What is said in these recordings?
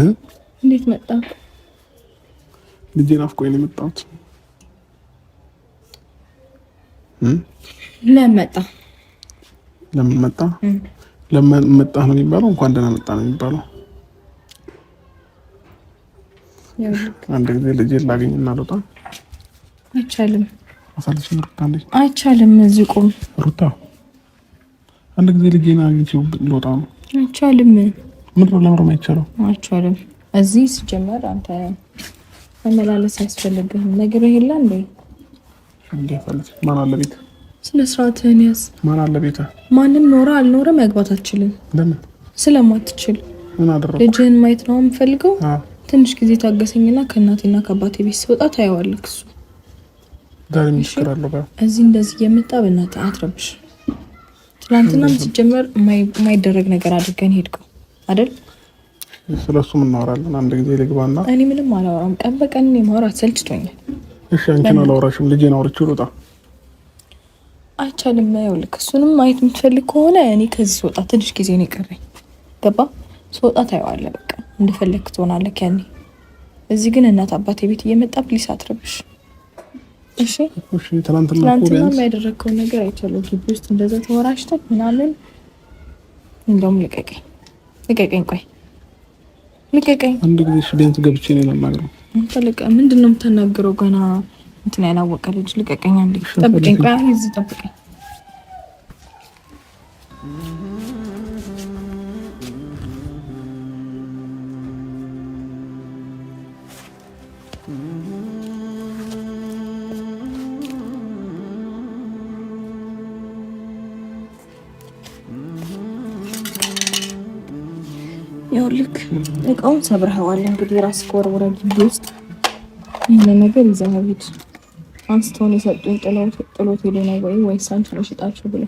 እንዴት መጣ? ልጄ ናፍቆኝ ነው የመጣሁት። ለምን መጣ? ለምን መጣ? ለምን መጣ ነው የሚባለው? እንኳን ደህና መጣ ነው የሚባለው። አንድ ጊዜ ልጄን ላገኝና ልወጣ አይቻልም። አሳልሽን ሩታ፣ እንዴት አይቻልም። እዚህ ቁም ሩታ። አንድ ጊዜ ልጄን አግኝቼው ልወጣ ነው። አይቻልም ምድሮ ለምሮ አይቻልም አይቻልም። እዚህ ሲጀመር አንተ መመላለስ አያስፈልግህም። ነገር የለ እንዴ ማን አለ ቤት ስነ ስርዓትህን ያዝ። ማን አለ ቤት ማንም ኖረ አልኖረ መግባት አትችልም። ለምን ስለማትችል ልጅህን ማየት ነው የምፈልገው። ትንሽ ጊዜ ታገሰኝና ከእናቴና ከአባቴ ቤት ስወጣ ታየዋለህ። እሱ እዚህ እንደዚህ የመጣ በእናትህ አትረብሽ። ትናንትናም ሲጀመር የማይደረግ ነገር አድርገን ሄድከው አይደል? ስለሱም እናወራለን አንድ ጊዜ ልግባና። እኔ ምንም አላወራም፣ ቀን በቀን ማውራት ሰልችቶኛል። እሺ አንቺን አላወራሽም፣ ልጄን አውርቼ ልውጣ። አይቻልም። ይኸውልህ እሱንም ማየት የምትፈልግ ከሆነ እኔ ከዚህ ስወጣ ትንሽ ጊዜ ነው የቀረኝ። ገባ ስወጣ ታየዋለህ። በቃ እንደፈለግክ ትሆናለህ ያኔ። እዚህ ግን እናት አባቴ ቤት እየመጣ ፕሊስ አትረብሽ። እሺ ትናንትና ያደረግከውን ነገር አይቻለሁ። ግቢ ውስጥ እንደዛ ተወራሽተን ምናምን እንደውም ልቀቀኝ። ልቀቀኝ፣ ቆይ ልቀቀኝ። አንድ ጊዜ ስደንት ገብቼ ነው ምንድን ነው ገና እንትን ያላወቀ ልጅ ልቀቀኝ። ጠብቀኝ፣ ቆይ እዚህ ጠብቀኝ። Mm-hmm. ይኸውልህ እቃውን ሰብረኸዋል። እንግዲህ ራስህ ከወርውረ ግቢ ውስጥ ይህን ነገር ይዘህ ሂድ። አንስተውን የሰጡኝ ጥሎት ሄዶ ነው ወይ ወይስ አንቺ ነው ሽጣችሁ ብሎ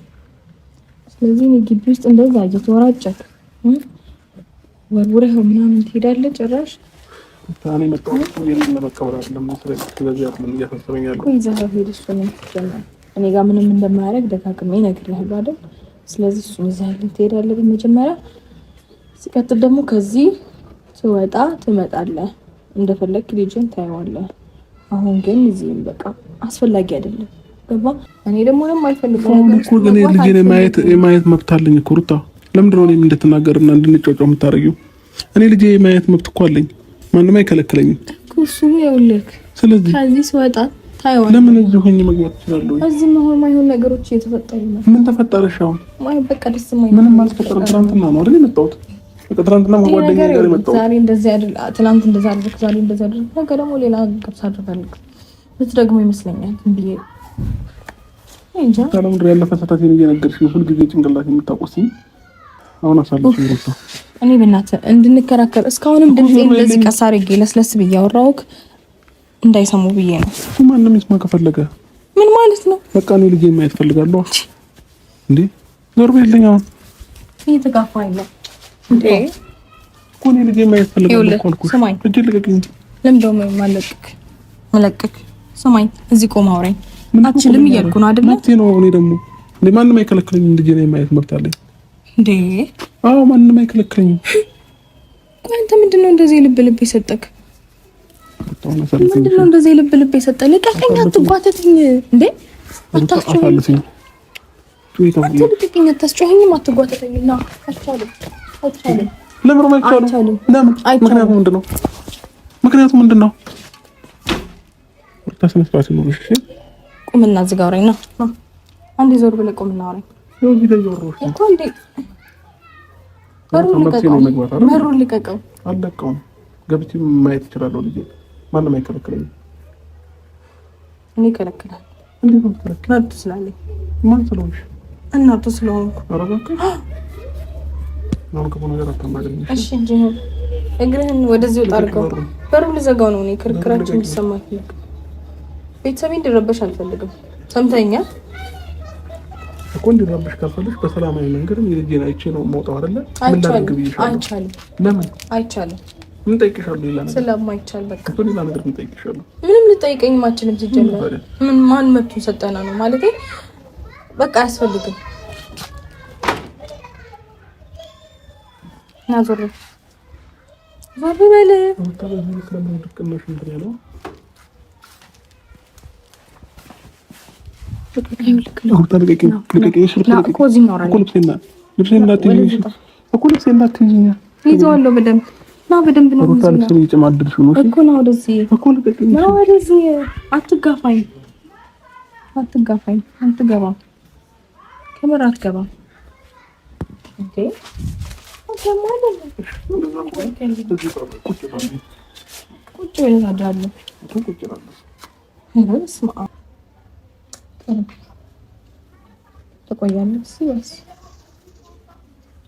ስለዚህ እኔ ግቢ ውስጥ እንደዛ እየተወራጨት ወርውረኸው ምናምን ትሄዳለህ ጭራሽ እኔ ጋር ምንም እንደማያደርግ ደጋግሜ እነግርልሃለሁ አይደል? ስለዚህ እሱን ይዘህ ትሄዳለህ በመጀመሪያ ሲቀጥል ደግሞ ከዚህ ትወጣ ትመጣለህ፣ እንደፈለግ ልጅን ታየዋለህ። አሁን ግን እዚህም በቃ አስፈላጊ አይደለም። ገባ? እኔ ደግሞ ልጅን የማየት መብት አለኝ እኮ ሩታ። ለምንድን ነው እኔም እንደተናገርና እንድንጫጫው የምታደርጊው? እኔ ልጅ የማየት መብት እኮ አለኝ፣ ማንም አይከለክለኝም። ስለዚህ ከዚህ ስወጣ ለምን እዚህ ሆኜ መግባት እችላለሁ? እዚህ መሆን ማይሆን ነገሮች እየተፈጠሩ ነው። ምን ተፈጠረሽ? አሁን ምንም አልተፈጠረም። ትናንትና ነው አይደል የመጣሁት ትናንትና ከጓደኛ ደግሞ ሌላ ገብስ ደግሞ ይመስለኛል ብዬ እንጃ። ጭንቅላት የምታቆስኝ አሁን እንድንከራከር እስካሁንም ድምጼ እንደዚህ ቀስ አድርጌ ለስለስ ብዬ አወራሁህ እንዳይሰሙ ብዬ ነው። ማንም ይስማ ከፈለገ ምን ማለት ነው? በቃ እኔ ልጄ የማየት ፈልጋለሁ እንዴ ዞር በይልኝ። አሁን እየተጋፋ አይደለም ስማኝ፣ እዚህ ቆም አውራኝ። አችልም እያልኩ ነው ማንም አይከለክለኝም። ልጄ ነው የማየት መብት አለኝ። አዎ፣ ማንም አይከለክለኝም። አንተ ምንድን ነው እንደዚህ ልብ ልብ የሰጠክ? ምንድን ነው እንደዚህ ልብ ልብ የሰጠ? ልቀቀኝ፣ አትጓተትኝ። እንዴ! አታስጮኸኝም፣ አትጓተተኝና አልቻለም ለምን አይቻልም? ለምን? ምክንያቱ ምንድን ነው? ምክንያቱ ምንድን ነው? ቁምና እዚህ ጋር አውሪኝ ነው። አንዴ ዞር ብለህ ቁምና አውሪኝ እኮ ልቀቀው። አልለቀውም። ገብቼ ማየት እችላለሁ። ልጄ ማንም አይከለክለኝም። እኔ ይከለክላል። እንዴት ነው የምትከለክለው? ናቱ ማን ስለሆንሽ? እናቱ ስለሆንኩ ምንም ክፉ ነገር አታናግረኝ። እሺ እንጂ እግርህን ወደዚህ ወጣ አድርገው። በሩን ልዘጋው ነው እኔ ክርክራችን እንዲሰማ አልፈልግም። ቤተሰቤ እንዲረበሽ አልፈልግም። ሰምተኛል እኮ እንዲረበሽ ካልፈልግሽ በሰላማዊ መንገድ የልጄን አይቼ ነው የማውጣው አይደለ? ምን ላድርግ አይቻልም። ለምን አይቻልም? ምን ጠይቅሻለሁ? ሌላ ነገር ስለማይቻል በቃ ሌላ ነገር ምን ጠይቅሻለሁ? ምንም ልጠይቀኝ ማችንም ሲጀመር ምን ማን መብቱን ሰጠና ነው ማለቴ በቃ አያስፈልግም። ና ዞር አትጋፋኝ አትገባም ከምር አትገባም ቁጭ ብለህ ታድራለህ። በስመ አብ ትቆያለህ።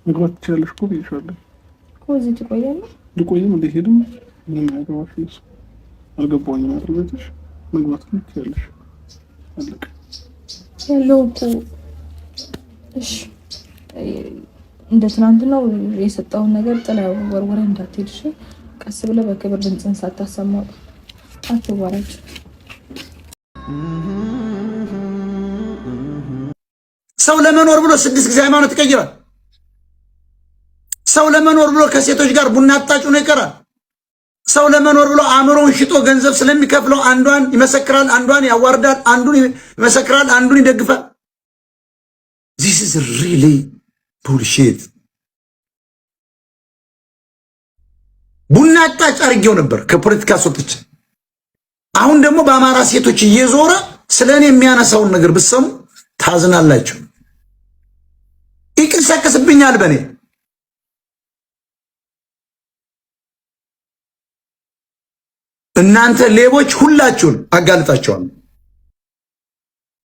መግባት ትችላለሽ እኮ ብዬሻለሁ እኮ እዚህ ትቆያለህ። ልቆይም እንደሄድም ምንም አያገባሽም። እሱ አልገባኝም አይደል? ቤትሽ መግባት ትችላለሽ። አለቀ ያለው እሺ እንደ ትናንትናው የሰጠውን ነገር ጥላ ወርወረ እንዳትሄድ ቀስ ብለ በክብር ድምፅን ሳታሰማው አትዋራጭ። ሰው ለመኖር ብሎ ስድስት ጊዜ ሃይማኖት ይቀይራል። ሰው ለመኖር ብሎ ከሴቶች ጋር ቡና አጣጩ ነው ይቀራል። ሰው ለመኖር ብሎ አእምሮን ሽጦ ገንዘብ ስለሚከፍለው አንዷን ይመሰክራል፣ አንዷን ያዋርዳል፣ አንዱን ይመሰክራል፣ አንዱን ይደግፋል። ዚስ ኢዝ ሪሊ ቡልሼት ቡና አጣጭ አድርጌው ነበር ከፖለቲካ ሶጥች። አሁን ደግሞ በአማራ ሴቶች እየዞረ ስለ እኔ የሚያነሳውን ነገር ብትሰሙ ታዝናላችሁ። ይቅሰቅስብኛል በእኔ እናንተ ሌቦች ሁላችሁን አጋልጣቸዋለሁ።